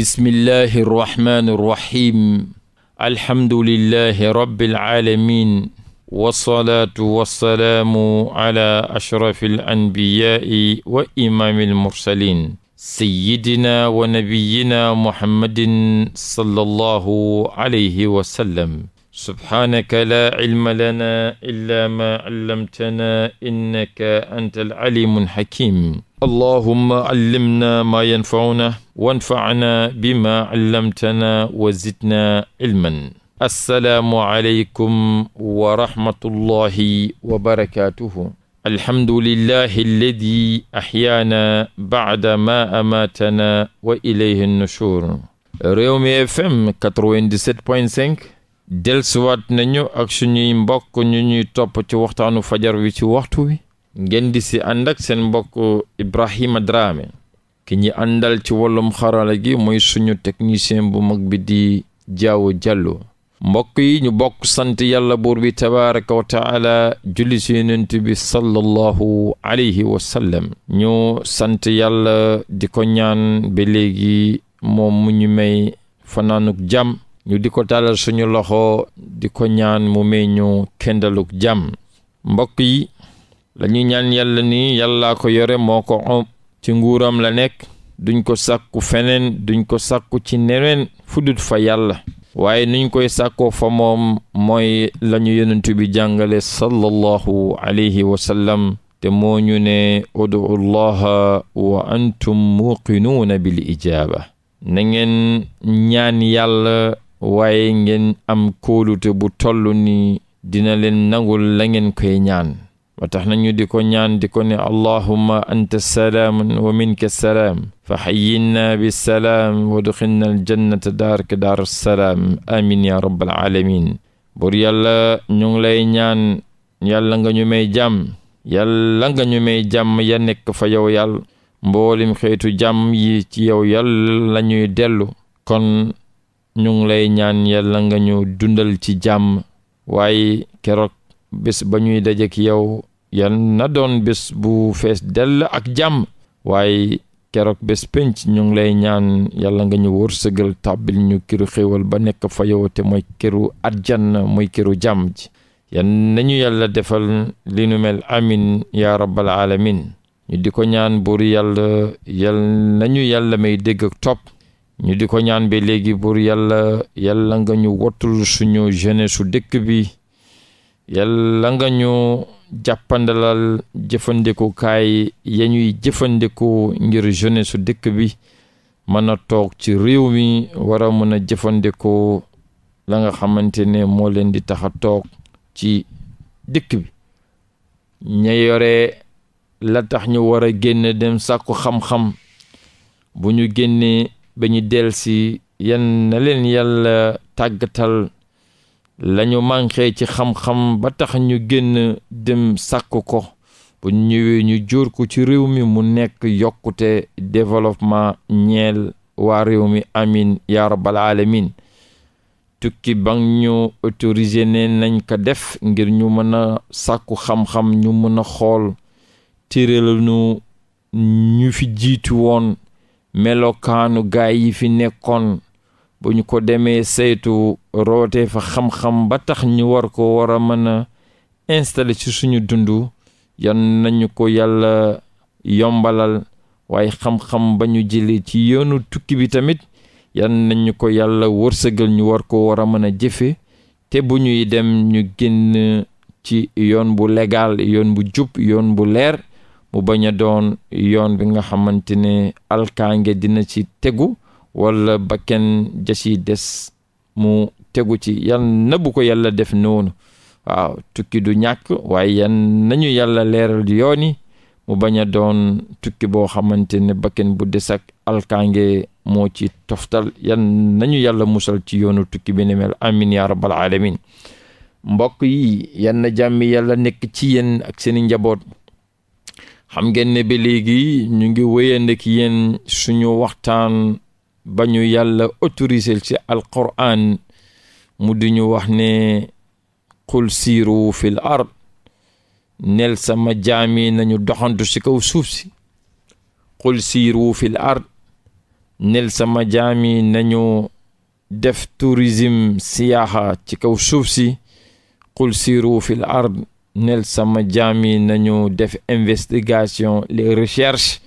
bismillahi rrahmani rrahim alhamdulillahi rabbil alamin wassalaatu wassalaamu ala ashrafi alanbiyaai wa imaami almursalin sayidina wa nabiyina muhammadin sallallahu alayhi wa sallam subhaanaka laa cilma lanaa illaa maa callamtanaa innaka anta alcalimu alxakim allahumma allimna maa yanfauna wanfana bima allamtana wa zidna ilman assalaamu aleykum wa rahmatullahi wa barakatuhu alhamdulillahi alladi ahyaana baada ma amaatana wa ilayhi nushur Rewmi FM 97.5 delsuwaat nañu ak suñuy mbokk ñu ñuy topp ci waxtaanu fajar wi ci waxtu wi ngeen di si ànd ak seen mbokk Ibrahima Dramé ki ñi àndal ci wàllum xarala gi mooy suñu technicien bu mag bi di Jaawo Jàllo mbokk yi ñu bokk sant yàlla buur bi tabaraka wa taala julli si yonent bi sallallahu alayhi wa sallam ñu sant yàlla di ko ñaan ba léegi moom mu ñu may fanaanug jàmm ñu di ko tàllal suñu loxo di ko ñaan mu may ñu kendaluk jàmm mbokk lañuy ñaan yàlla ni yàllaa ko yore moo ko om ci nguuram la nekk duñ ko sàkku feneen duñ ko sakku ci neneen fudut fa yàlla waaye nuñ koy sàkkoo fa moom mooy lañu yonent bi jàngale sallallahu alayhi wa sallam te moo ñu ne ud'u llaha wa antum muqinuuna bil ijaaba na ñaan yàlla waaye ngeen am kóolute bu toll ni dina leen nangul la ngeen koy ñaan ba tax na ñu di ko ñaan di ko ne allahumma anta salaam wa minka salaam fa xayyinna bi salaam wa duxinna aljannata daarka daaru salaam amin ya rabbal alamin buur yàlla ñu ngi lay ñaan yàlla nga ñu may jàmm yàlla nga ñu may jàmm ya nekk fa yow yàlla mboolim xeetu jàmm yi ci yow yàlla lañuy dellu kon ñu ngi lay ñaan yàlla nga ñu dundal ci jàmm waaye keroog bés ba ñuy dajeek yow yan na doon bés bu fees dell ak jàmm waaye keroog bés penc ñu ngi lay ñaan yàlla nga ñu wërsëgal tàbbil ñu këru xéwal ba nekk fa yow te mooy këru àjjana mooy këru jàmm ji yan nañu yàlla defal li nu mel amin yaa rabbal alamin ñu di ko ñaan buur yàlla yal nañu yàlla may dégg ak topp ñu di ko ñaan bi léegi buur yàlla yàlla nga ñu wottul suñu jeunesse su dëkk bi yàlla nga ñu jàppandalal jëfandikukaay ya ñuy jëfandiku ngir jeunesse su dëkk bi mën a toog ci réew mi war a mën a jëfandikoo la nga xamante ne moo leen di tax a toog ci dikk bi ña yore la tax ñu war a génn dem sàkku xam-xam bu ñu génnee ba ñu delsi yan na leen yàlla tàggatal lañu manqué ci xam-xam ba tax ñu génn dem sàkk ko bu ñëwee ñu jur ko ci réew mi mu nekk yokkute développement ñeel waa réew mi amin ya alamin tukki ba ñu autorisé ne nañ ko def ngir ñu mën a sàkku xam-xam ñu mën a xool téral nu ñu fi jiitu woon melokaanu gaay yi fi nekkoon bu ñu ko demee saytu rootee fa xam-xam ba tax ñu war ko war a mën a installé ci suñu dund yan nañu ko yàlla yombalal waaye xam-xam ba ñu jëlee ci yoonu tukki bi tamit yan nañu ko yàlla wërsëgal ñu war ko war a mën a jëfe te bu ñuy dem ñu génn ci yoon bu legal yoon bu jub yoon bu leer mu bañ a doon yoon bi nga xamante ne alkaange dina ci tegu wala bakken jasi des mu tegu ci yal na bu ko yàlla def noonu waaw tukki du ñàkk waaye yan nañu yàlla leeral yooni mu bañ a doon tukki boo xamante ne bakken bu des ak alkaange moo ci toftal yan nañu yàlla musal ci yoonu tukki bi ni mel amin ya rabbal alamin mbokk yi yan na jàmmi yàlla nekk ci yenn ak seeni njaboot xam ngeen ne ba léegi ñu ngi wéyandek yéen suñu waxtaan bañu yàlla autorisé ci alquran mu di ñu wax ne qul siiru fil ard nel sama jaami nañu doxantu ci kaw suuf si qul siiru fil ard nel sama jaami nañu def tourisme siyaaxa ci kaw suuf si qul siiru fil ard nel sama jaami nañu def investigation les recherches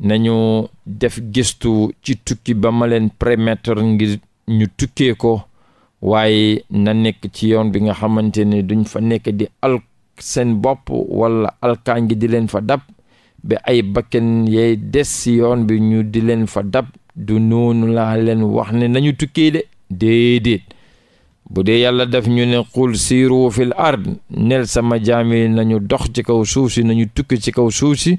nañu def gistu ci tukki ba ma leen permettre ngir ñu tukkee ko waaye na nekk ci yoon bi nga xamante ne duñ fa nekk di al seen bopp wala alkaan gi di leen fa dab ba ay bakken yay des ci yoon bi ñu di leen fa dab du noonu laa leen wax ne nañu tukkee de déedéet bu dee yàlla def ñu ne xuul siiru fil ard nel sama jaam yi nañu dox ci kaw suuf si nañu tukki ci kaw suuf si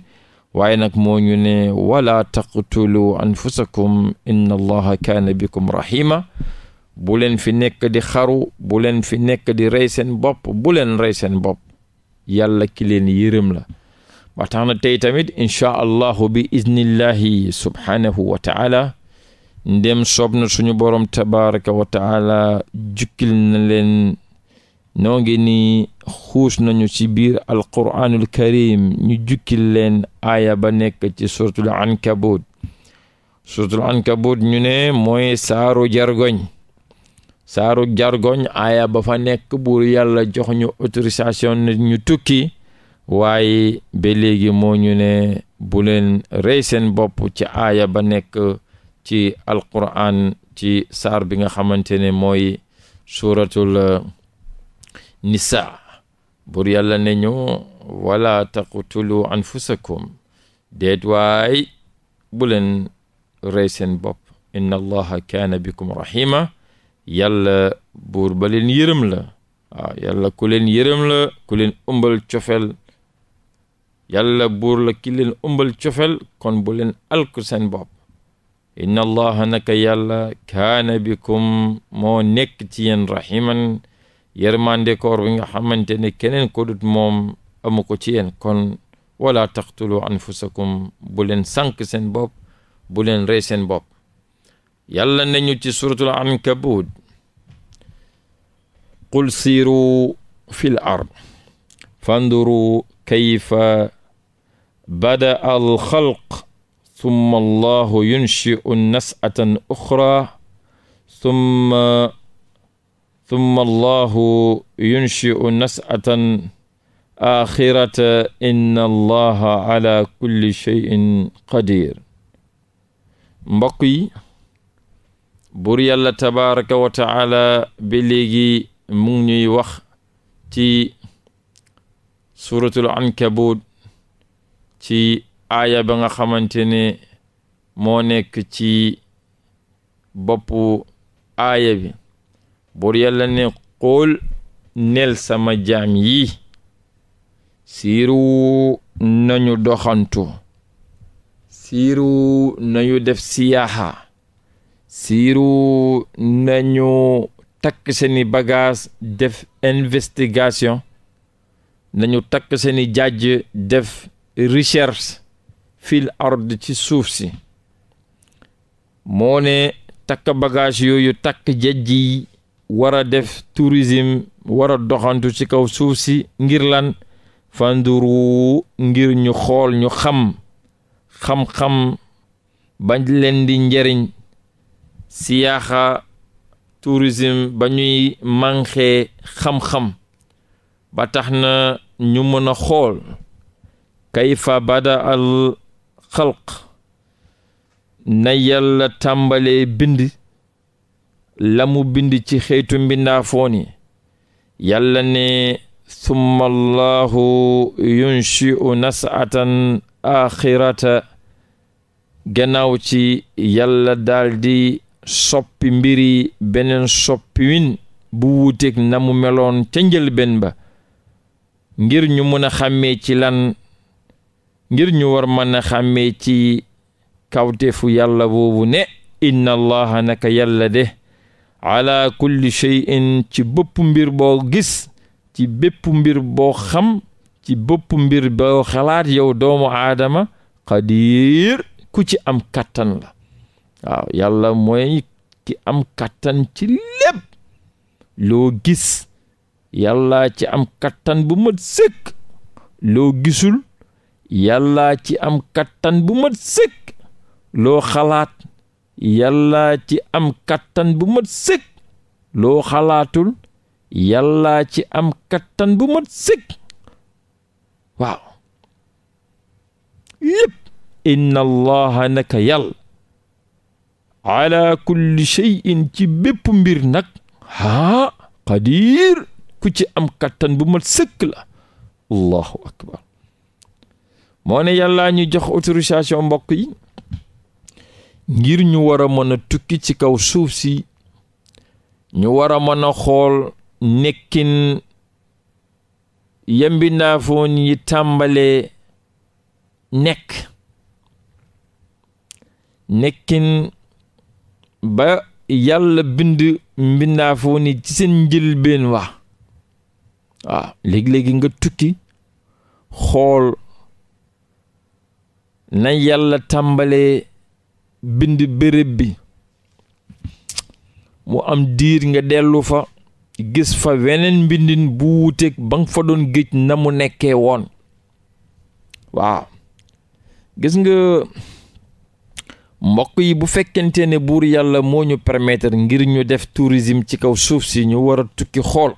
waaye nag moo ñu ne wala taqtulu anfusakum inna allaha kaan bikum rahima bu leen fi nekk di xaru bu leen fi nekk di rey seen bopp bu leen rey seen bopp yàlla ki leen yërëm la ba tey tamit inchaa allahu bi iznillahi subhaanahu wa taala ndem soob na suñu borom tabaraka wa jukkil na leen xuus nañu ci biir alquraanul karim ñu jukkil leen aaya ba nekk ci suratul ankabut suratul ankabut ñu ne mooy saaru jargoñ saaru jargoñ aaya ba fa nekk buur yàlla jox ñu autorisation na ñu tukki waaye ba léegi moo ñu ne bu leen rey seen bopp ci aaya ba nekk ci alquraan ci saar bi nga xamante ne mooy suratul nisa bur yàlla ne ñu wala taqutulu anfusakum déet bulen bu leen inna allaha kaana bikum rahima yàlla buur ba leen yërëm la waaw yàlla ku la ku leen ëmbal cofel yàlla buur la ki leen ëmbal cofel kon bu leen alku seen bopp inna allaha naka yàlla kaana bikum moo nekk ci yéen yërmande koor bi nga xamante ne keneen ko dut moom amu ko ci yéen kon wala taqtulu anfusakum bu leen sànq seen bopp bu leen rey seen bopp yàlla nañu ci suratul ankabut qul siiru fil ard fanduru kayfa bada al xalq summa allahu yunshi'u nas'atan uxra summa ثم الله ينشئ نسأة آخرة إن الله على كل شيء قدير mbokk yi buur yàlla tabaraka wa léegi mu ñuy wax ci suratul ankabut ci aaya ba nga xamante ne moo nekk ci boppu aaya bi buur yàlla ne xool nel sama jaam yi siiru nañu doxantu siiru nañu def siyaaxa siiru nañu takk seeni bagage def investigation nañu takk seeni jàjj def recherche fil ard ci suuf si moo ne takk bagage yooyu takk jajj wara def tourisme war doxantu ci kaw suuf si ngir lan fanduru ngir ñu xool ñu xam xam-xam bañ leen di njariñ siyaaxa tourisme ba ñuy manqué xam-xam ba tax na ñu mën a xool kayfa bada al xalq na yàlla tàmbalee bind lamu mu bind ci xeetu mbindaafoon yi yàlla ne summa allahu yunshi'u nas'atan axirata gannaaw ci yàlla daldi soppi mbiri beneen soppiwin bu wuuteeg na mu meloon ca njëlbéen ba ngir ñu mën a ci lan ngir ñu war mën a xàmmee ci kawtefu yàlla boobu ne inna naka yàlla de ala kulli ci bëpp mbir boo gis ci bépp mbir boo xam ci bépp mbir boo xalaat yow doomu aadama qadir ku ci am kattan la waaw yàlla mooy ci am kàttan ci lépp loo gis yàlla ci am kattan bu mat sëkk loo gisul yàlla ci am kattan bu mat sëkk loo xalaat yàllaa ci am kattan bu mat sëg loo xalaatul yàllaa ci am kattan bu mat sëg waaw lépp inna allaha naka yàll ala kulli ci bépp mbir nag haa ci am kattan bu mat sëkk la allahu akbar moo ne yàllaa ñu jox autorisation mbokk yi ngir ñu war a mën tukki ci kaw suuf si ñu war a mën a xool nekkin yambi ndaafoon yi tàmbalee nekk nekkin ba yàlla bind mbindaafoon yi ci seen njilbeen wa waaw nga tukki xool na yàlla tàmbale bind béréb bi mu am diir nga dellu fa gis fa weneen mbindin bu wuuteeg ba fa doon géej na mu nekkee woon waaw gis nga mbokk yi bu fekkente ne buur yàlla moo ñu permettre ngir ñu def tourisme ci kaw suuf si ñu war a tukki xool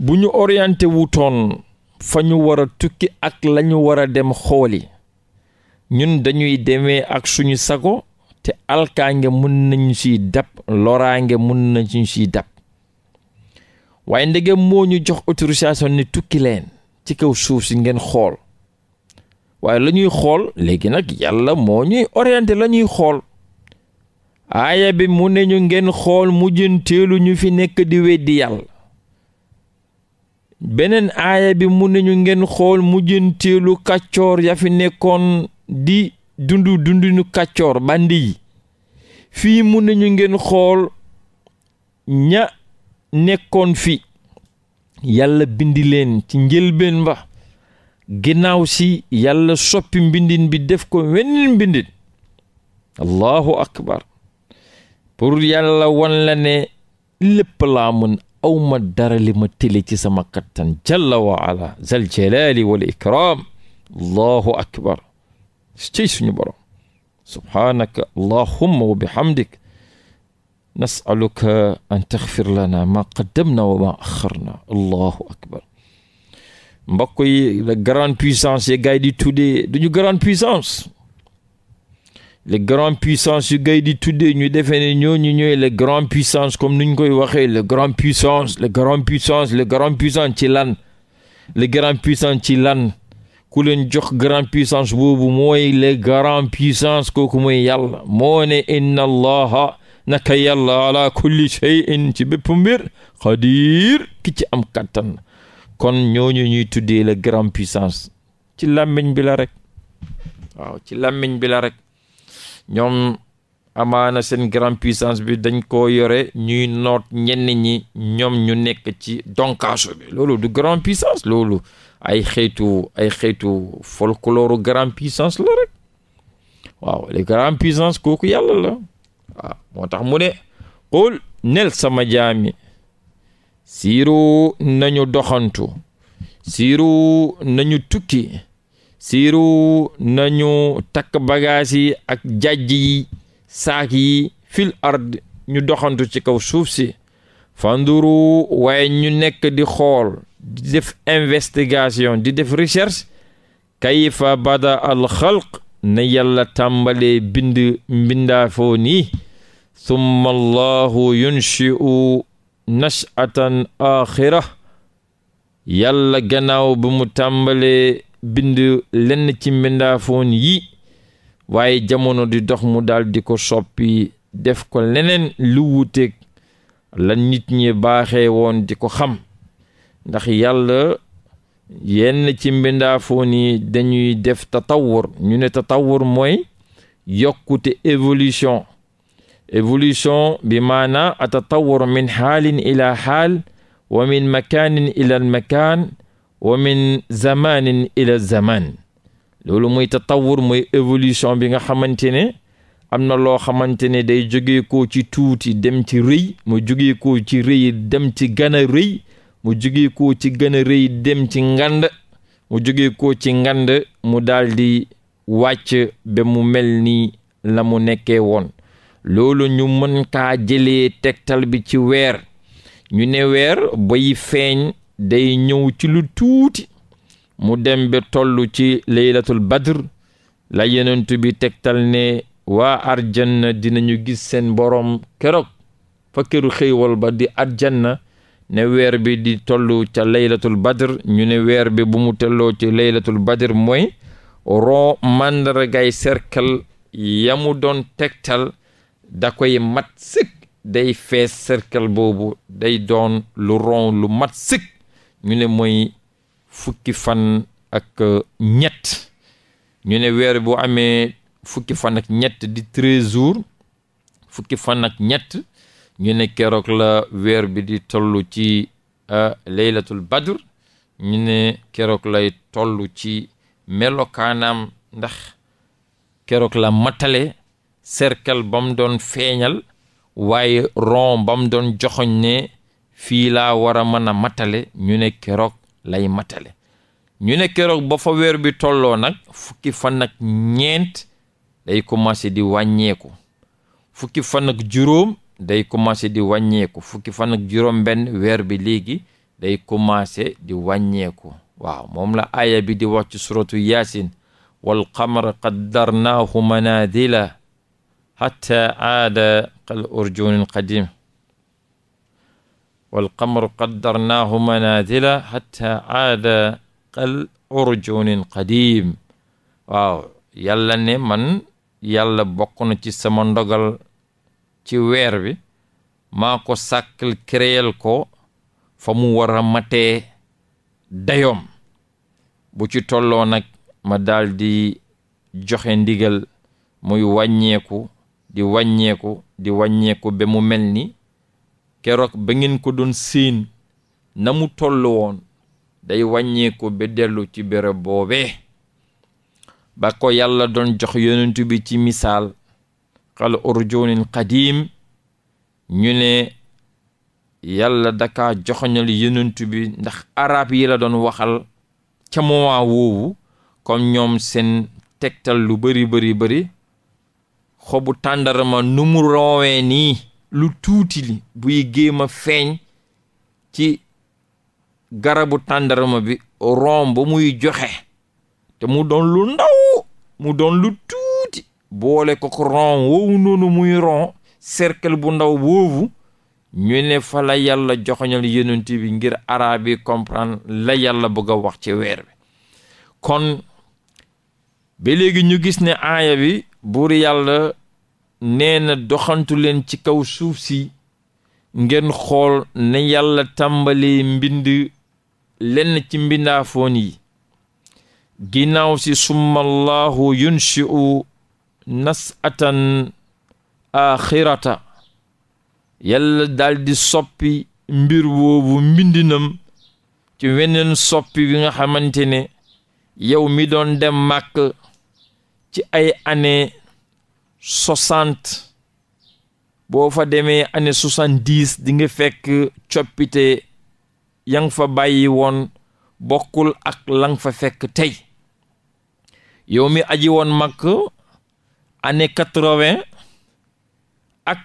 bu ñu orienté wutoon fa ñu war a tukki ak lañu ñu war a dem xooli ñun dañuy demee ak suñu sago te alkaange mën nañu siy dab loraange mun nañu siy dab waaye ndege moo ñu jox autorisation ni tukki leen ci kaw suuf si ngeen xool waaye lañuy xool léegi nag yàlla moo ñuy orienté la xool aaya bi mu ne ñu ngeen xool mujjanteelu ñu fi nekk di weddi yàlla beneen aaya bi mu ne ñu ngeen xool mujjanteelu kàccoor ya fi nekkoon di dundu dundinu kàccoor bandi yi fii mun nañu ngeen xool ña nekkoon fi yàlla bindi ci njëlbeen ba ginnaaw si yàlla soppi mbindin bi def ko weneen mbindin allahu akbar pour yàlla wan la ne lépp laa mun awma dara ma tële ci sama kattan jalla wa ala zal wal ikram allahu akbar cey suñu borom subhaanaka allahumma wa bihamdik nasaluka an taxfir lana maa qaddamna wa maa axarna allahu akbar mbokk yi la grande puissance yi gars yi di tuddee duñu grande puissance les grandes puissances yu gay di tuddee ñu defee ne ñu ñooy les grandes puissances comme ni ñu koy waxee les grandes puissances la grandes puissances les grandes puissances ci lan les grandes puissances ci lan ku leen jox grand puissance boobu mooy les grand puissance kooku mooy yàlla moo ne inna allaha naka yàlla ala kulli shay'in ci bépp mbir xadir ki ci am kattan kon ñooñu ñuy tuddee la grand puissance ci làmmiñ bi la ci làmmiñ bi la rek ñoom amaana seen grand puissance bi dañ koo yore ñuy noot ñenn ñi ñoom ñu nekk ci donkaaso bi loolu du grand puissance loolu ay xeetu ay xeetu folklore grand puissance la rek waaw les grand puissance kooku yàlla la moo tax mu ne qul nel sama jaami siiru nañu doxantu siiru nañu tukki siiru nañu takk bagaas yi ak jajj yi saak yi fil ard ñu doxantu ci kaw suuf si fanduru waaye ñu nekk di xool di def investigation di def recherche kayfa bada al xalq ne yàlla tàmbalee bind mbindaafoo nii summa allahu yunshi'u nachatan axira yàlla gannaaw bu mu tàmbalee bind lenn ci mbindaafoon yi waaye jamono di dox mu daal di ko soppi def ko leneen lu wuuteeg la nit ñi baaxee woon di ko xam ndax yàlla yenn ci mbindaafoon yi dañuy def tatawur ñu ne tatawur mooy yokkute évolution évolution bi maana a tatawur min xaalin ila xaal wa min makaanin ila makaan wa min zamanin ila zaman loolu muy tatawur mooy évolution bi nga xamante ne am na loo xamante ne day jógeekoo ci tuuti dem ci rëy mu jógeekoo ci rëy dem ci gën a rëy mu jóge ko ci gën a rëy dem ci ngand mu jóge ko ci ngand mu daldi wàcc ba mu mel ni la mu nekkee woon loolu ñu mën kaa jëlee tegtal bi ci weer ñu ne weer bay feeñ day ñëw ci lu tuuti mu dem ba tollu ci laylatul badr la yenentu bi tegtal ne waa ar arjanna dinañu gis seen boroom keroog fa këru xéewal ba di arjanna ne weer bi di tollu ca laylatul badr ñu ne weer bi bu mu tolloo ci laylatul badr mooy roo màndargay cercle yamu doon tegtal da koy mat sëkk day fees cercle boobu day doon lu ron lu mat sëkk ñu ne moy fukki fan ak euh, ñett ñu ne weer bu amee fukki fan ak ñett di treize jours fukki fan ak ñett ñu ne keroog la weer bi di toll ci laylatul badr ñu ne keroog lay tollu ci melokaanaam ndax keroog la matale serkal bam doon feeñal waaye rond bam doon joxoñ ne fii laa war a mën a matale ñu ne keroog lay matale ñu ne keroog ba fa weer bi tolloo nag fukki fan ak ñeent day commencé di wàññeeku fukki fan ak juróom day commencé di wàññeeku fukki fan ak juróom-benn weer bi léegi day commencé di wàññeeku waaw moom la aaya bi di wax suratu yasin wal qamara qaddarnaahu manaadila xatta aada kal urjunin qadim wal qamara qaddarnaahu manaadila xatta aada kal urjunin qadim waaw man yàlla bokk na ci sama ndogal ci weer wi maa ko sàkkal créel ko fa mu war a matee dayoom bu ci tolloo nag ma daldi joxe ndigal muy wàññeeku di wàññeeku di wàññeeku ba mu mel ni keroog ba ngeen ko doon siin na mu toll woon day wàññeeku ba dellu ci béréb boobee ba ko yàlla doon jox yonent bi ci misaal xal urjunin qadim ñu ne yàlla dakaa joxoñal yenentu bi ndax araab yi la doon waxal ca moment woowu comme ñoom seen tegtal lu bari bari bari xobu tàndarma nu mu nii lu tuuti li buy géem a feeñ ci garabu tàndarma bi rom ba muy joxe te mu doon lu ndaw mu doon lu tuuti boole ko ko ron noonu muy ron cercle bu ndaw woowu ñu ne fa la yàlla joxoñal yonent bi ngir araab yi comprendre la yàlla bëgg a wax ci weer bi kon ba léegi ñu gis ne aaya bi buur yàlla nee na doxantu leen ci kaw suuf si ngeen xool ne yàlla tàmbali mbind lenn ci mbindaafoon yi ginnaaw si summa allahu nas nas'atan axirata yàlla daal di soppi mbir woowu mbindinam ci weneen soppi bi nga xamante ne yow mi doon dem makk ci ay année soixante boo fa demee année soixante-dix di nga fekk coppite yang fa bàyyi woon bokkul ak lang fa fekk tey yow mi aji woon màkk année quatre-vingt ak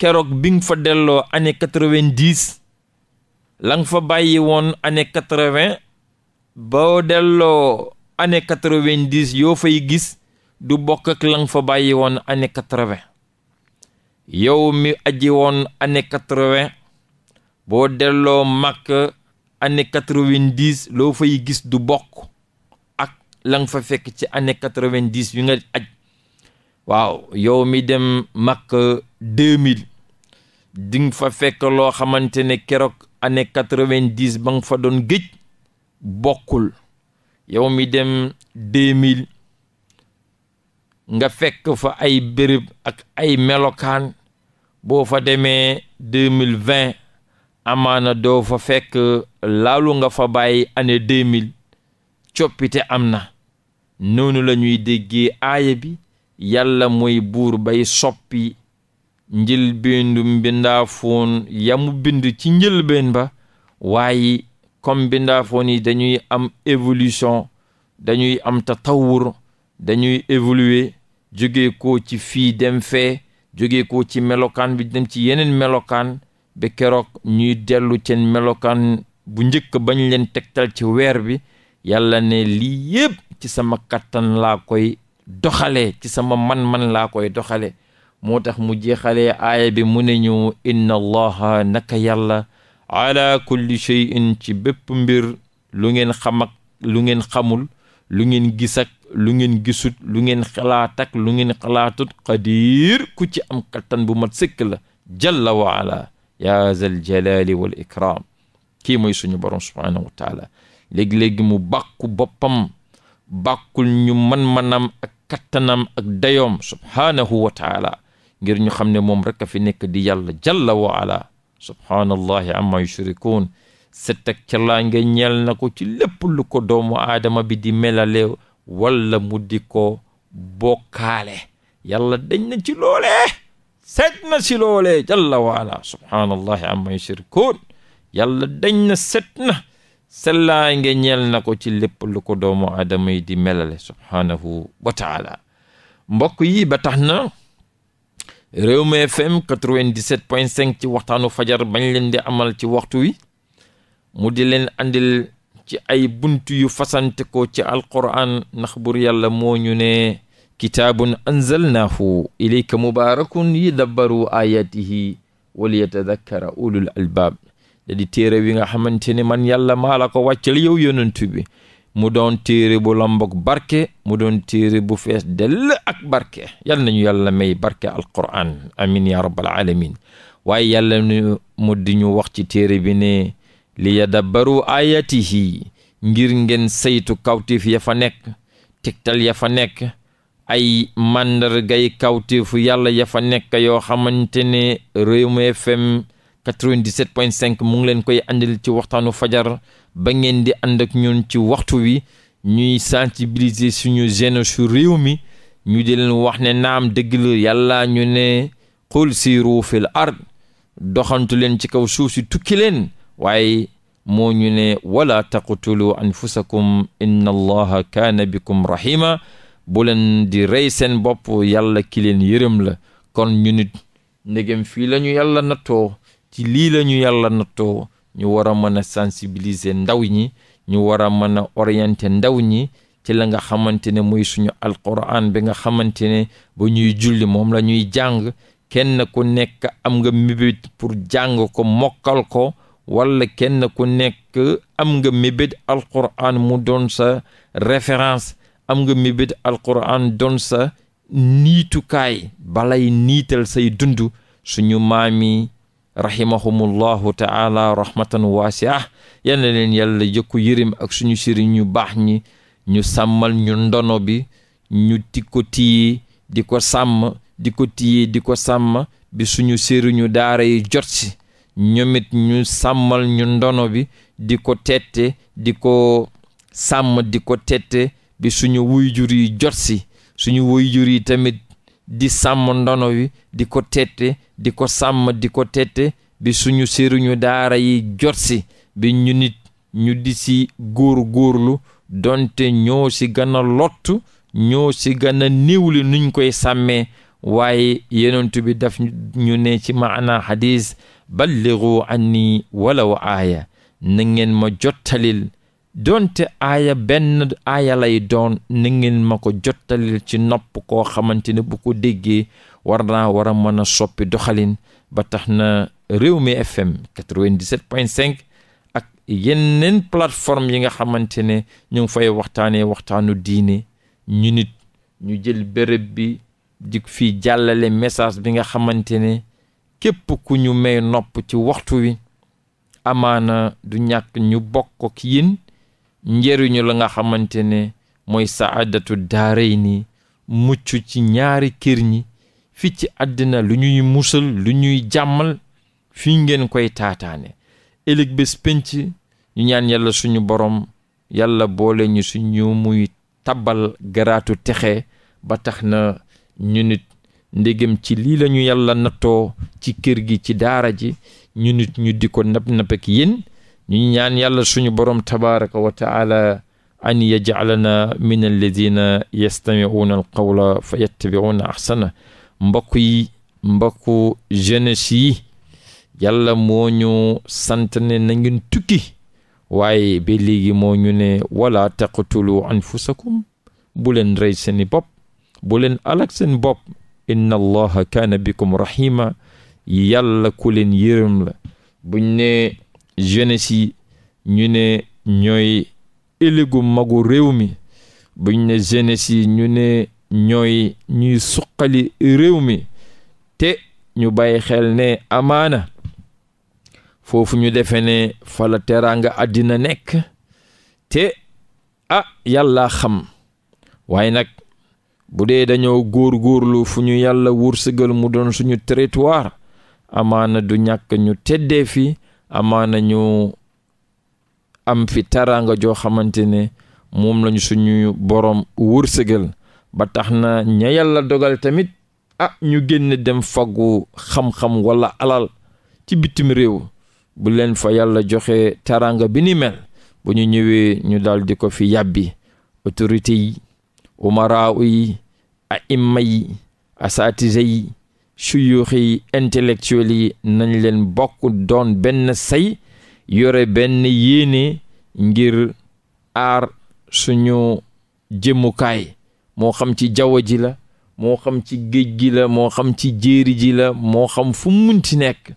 keroog bi nga fa delloo année quatre-vingt-dix la nga fa bàyyi woon quatre-vingt boo delloo année quatre-vingt-dix yoo fay gis du bokk ak la nga fa bàyyi woon année quatre-vingt yow mi aji woon année quatre-vingt boo delloo màkk année loo fay gis du bokk ak la nga fa fekk ci année quatre-vingt-dix nga aj waaw yow mi dem Makk 2000 di nga fa fekk loo xamante ne keroog année 90 ba nga fa doon géej bokkul yow mi dem 2000 nga fekk fa ay béréb ak ay melokaan boo fa demee 2020 amaana doo fa fekk laalu nga fa bàyyi année 2000 coppite am na noonu la ñuy déggee aaya bi yàlla mooy buur bay soppi njëlbeendu mbindaafoon yamu bind ci njëlbeen ba waaye comme mbindaafoon yi dañuy am évolution dañuy am tatawur dañuy évoluer jóge ko ci fii dem fee jóge ko ci melokaan bi dem ci yeneen melokaan ba keroog ñuy dellu seen melokaan bu njëkk bañ leen tegtal ci weer bi yàlla ne lii yépp ci sama kattan laa koy doxale ci sama man-man laa koy doxale moo tax mu jeexale aaya bi mu ne ñu inna allaha naka yàlla ala kulli shay'in ci bépp mbir lu ngeen xam lu ngeen xamul lu ngeen gis lu ngeen gisut lu ngeen xalaat ak lu ngeen xalaatut qadir ku ci am kattan bu mat sëkk la jalla wa ala yaa wal ikram kii mooy suñu borom subhaanahu wa taala léegi mu bàkku boppam bàkkul ñu man-manam kattanam ak dayoom subhaanahu wa taala ngir ñu xam ne moom rek a fi nekk di yàlla jalla wa ala subhaanallahi amma yushrikuun set ak calaa na ko ci lépp lu ko doomu aadama bi di melale walla mu di ko bokkaale yàlla dañ na ci loolee set na ci loolee jalla wa ala amma yushrikuun yàlla dañ na sellaay nga ñeel na ko ci lépp lu ko doomu aadama yi di melale subhaanahu wa mbokk yi ba tax na Rewmi FM 97.5 ci waxtaanu fajar bañ leen di amal ci waxtu wi mu di leen andil ci ay bunt yu fasante ko ci alquran ndax bur yàlla moo ñu ne kitaabun anzalnaahu ilayka mubaarakun yidabbaru ayatihi waliyatadakkara ulul albaab da di téere bi nga xamante ni man yàlla maa ko wàccal yow yonent bi mu doon téere bu lambok barke mu doon téere bu fees dell ak barke yal nañu yàlla may barke alquran amin ya rabbal alamin waaye yàlla nu mu di ñu wax ci téere bi ne li yadabbaru ayatihi ngir ngeen saytu kawtif ya fa nekk tegtal ya fa nekk ay màndargay kawtifu yàlla ya fa nekk yoo xamante ne 97.5 mu ngi leen koy andil ci waxtaanu fajar ba ngeen di ànd ak ñun ci waxtu wi ñuy sensibiliser suñu jeune su réew mi ñu di leen wax ne naam dëgg yàlla ñu ne qul siiru fil ard doxantu leen ci kaw suuf si tukki leen waaye moo ñu ne wala taqtulu anfusakum inna allaha kaana bikum rahima bu leen di rey seen bopp yàlla ki leen yërëm la kon ñu nit ndegem fii la ñu nattoo ci lii la ñu yàlla nattoo ñu war a mën a sensibiliser ndaw ñi ñu war a mën a orienter ndaw ñi ci la nga xamante ne muy suñu alquran bi nga xamante ne ba ñuy julli moom la ñuy jàng kenn ku nekk am nga mébét pour jàng ko mokkal ko wala kenn ku nekk am nga mébét alquran mu doon sa référence am nga mébét alquran doon sa niitukaay balay niital say dund suñu maam rahimahumullahu taala rahmatan waasiah yal na leen yàlla jëkku yërim ak suñu sëriñ ñu baax ñi ñu sàmmal ñu ndono bi ñu di ko tiyi di ko sàmm di ko tiyi di ko sàmm bi suñu seriñu daara yi jot si ñoomit ñu sàmmal ñu ndono bi di ko tette di ko sàmm di ko tette bi suñu wuyjur yi jot si suñu wuyjur tamit di sàmm ndono wi di ko tete di ko sàmm di ko tete bi suñu sëriñu daara yi jot si bi ñu nit ñu di si góor góorlu donte ñoo si gën lottu ñoo si gën a niwli nuñ koy sàmmee waaye yenentu bi daf ñu ne ci maana xadis balligu anni walaw aaya na ngeen ma jottalil donte aaya benn aaya doon na ngeen ma ko jottalil ci nopp koo xamante ne bu ko déggee war naa war a mën a soppi doxalin ba tax na réew mi fm 97.5 ak yeneen plateforme yi nga xamante ne ñu ngi fay waxtaanee waxtaanu diine ñu nit ñu jël béréb bi di fi jàllale message bi nga xamante ne képp ku ñu may nopp ci waxtu wi amaana du ñàkk ñu bokk ak yéen njëriñu la nga xamante ne mooy saadatu daarey ni mucc ci ñaari kër ñi fii ci àddina lu ñuy musal lu ñuy jàmmal fii ngeen koy taataane ëllëg bés penc ñu ñaan yàlla suñu borom yàlla boole ñu suñu muy tabbal garaatu texe ba tax na ñu nit ndegam ci lii lañu yàlla nattoo ci kër gi ci daara ji ñu nit ñu di ko nap-nap ak ñu ñaan yàlla suñu borom tabaraka wa taala an yajalana min alladina yastamiuuna alqawla fa yattabiuuna ahsana mbokk yi mbokku jeunesse yi yàlla moo ñu sant ne na ngeen tukki waaye ba léegi moo ñu ne wala taqtulu anfusakum bu leen rey seeni bopp bu leen alak seen bopp inna allaha kaana bikum rahima yàlla ku leen jeunesse ñu ne ñooy ëllëgu magu réew mi buñ ne genesi ñu ne ñooy ñuy suqali réew mi te ñu bàyyi xel ne amaana foofu ñu defee ne fala teraanga àddina nekk te ah yàlla xam waaye nag bu dee dañoo góor-góorlu fu ñu yàlla wërsëgal mu doon suñu territoire amaana du ñàkk ñu teddee fi amaana ñu am fi taraanga joo xamante ne moom lañu suñu borom wërsëgal ba tax na ña yàlla dogal tamit ah ñu génn dem faggu xamxam walla alal ci bitim réew bu leen fa yàlla joxe taraanga bi ni mel bu ñu ñëwee ñu daldi ko fi yàbbi autorité yi umaraaw yi aima yi yi suyuux yi intellectuels yi nañ leen bokk doon benn say yore benn yéene ngir aar suñu jëmukaay moo xam ci jaww ji la moo xam ci géej gi la moo xam ci jéeri ji la moo xam fu munti nekk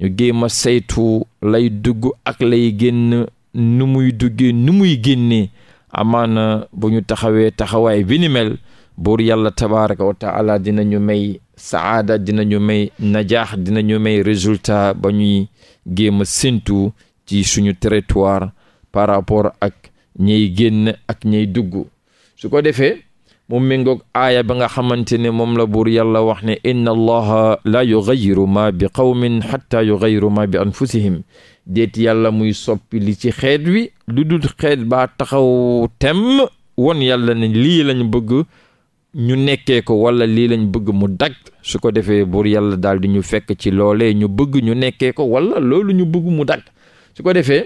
ñu géem a saytu lay dugg ak lay génn nu muy duggee nu muy génnee amaana bu ñu taxawee taxawaay bini mel buur yàlla tabaraka wa taala dinañu may saada dinañu may najaax dinañu may résultat ba ñuy géem a séntu ci suñu territoire par rapport ak ñiy génn ak ñiy dugg su ko defee mu méngoog aaya ba nga xamante ne moom la buur yàlla wax ne inna allaha la yugayiru ma bi qawmin xatta yugayiru ma bi anfusihim déet yàlla muy soppi li ci xeet wi lu dul xeet ba taxaw tem won yàlla ne lii lañu bëgg ñu nekkee ko wala lii lañ bëgg mu dagg su ko defee buur yàlla daal di ñu fekk ci loolee ñu bëgg ñu nekkee ko wala loolu ñu bëgg mu dagg su ko defee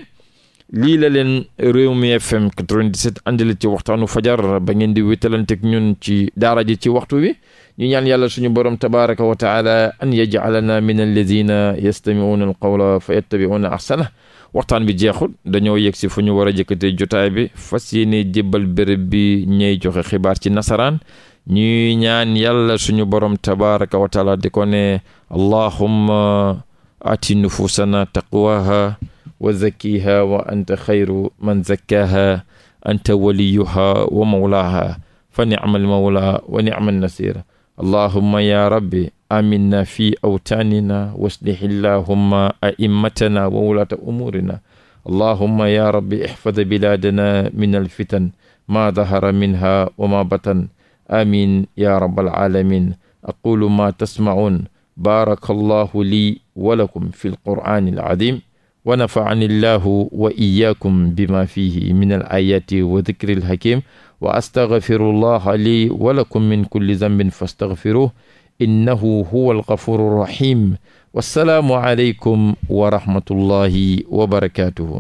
lii la leen Rewmi FM 97 andil ci waxtaanu fajar ba ngeen di wétalanteeg ñun ci daara ji ci waxtu wi ñu ñaan yàlla suñu borom tabaraka wa taala an yajalana min alladina yastamiuna alqawla fa yattabiuna ahsana waxtaan bi jeexul dañoo yegg si fu ñu war a jëkkatee jotaay bi fas yéene jébbal béréb bi ñay joxe xibaar ci nasaraan ñuy ñaan yàlla suñu borom tabaraka wa taala di ko ne allahumma ati nufusana taqwaha wa zakkiha wa anta xayru man zakkaha anta waliyuha wa mawlaha fa ni'mal mawla wa ni'mal nasir allahumma ya rabbi aminna fi awtanina waslih illahumma a'immatana wa wulata umurina allahumma ya rabbi ihfad biladana min alfitan ma dahara minha wa ma batan amin ya rabbal alamin aqulu ma tasma'un baraka allahu lii walakum fi alqur'ani alazim wa nafa'ani allahu wa iyyakum bima fihi min alayati wa dhikri alhakim wa astaghfiru allaha lii walakum min kulli dhanbin fastaghfiruh innahu huwa alghafuru rahim wassalaamu aleykum wa rahmatullahi wa barakatuhu